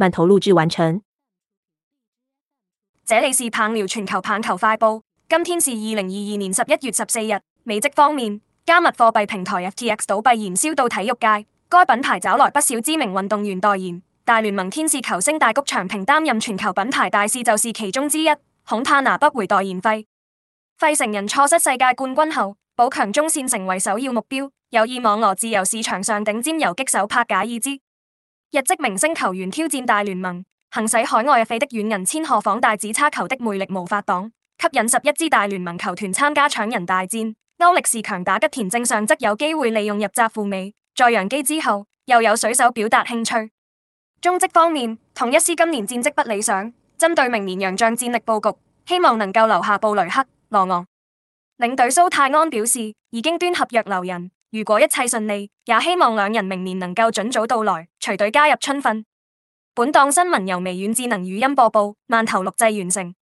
慢投錄製完成。這裏是棒聊全球棒球快報。今天是二零二二年十一月十四日。美職方面，加密貨幣平台 FTX 倒閉，延燒到體育界。該品牌找來不少知名運動員代言，大聯盟天使球星大谷翔平擔任全球品牌大使就是其中之一。恐怕拿不回代言費。費城人錯失世界冠軍後，保強中線成為首要目標。有意網羅自由市場上頂尖游擊手帕假意之。日職明星球員挑戰大聯盟，行使海外費的軟銀千賀滉大指叉球的魅力無法擋，吸引十一支大聯盟球團參加搶人大戰。歐力士強打吉田正尚則有機會利用入札赴美，在洋基之後，又有水手表達興趣。中職方面，統一獅今年戰績不理想，針對明年洋將戰力佈局，希望能夠留下布雷克、羅昂。領隊蘇泰安表示，已經端合約留人。如果一切順利，也希望兩人明年能夠盡早到來，隨隊加入春訓。本檔新聞由微軟智能語音播報，慢頭錄製完成。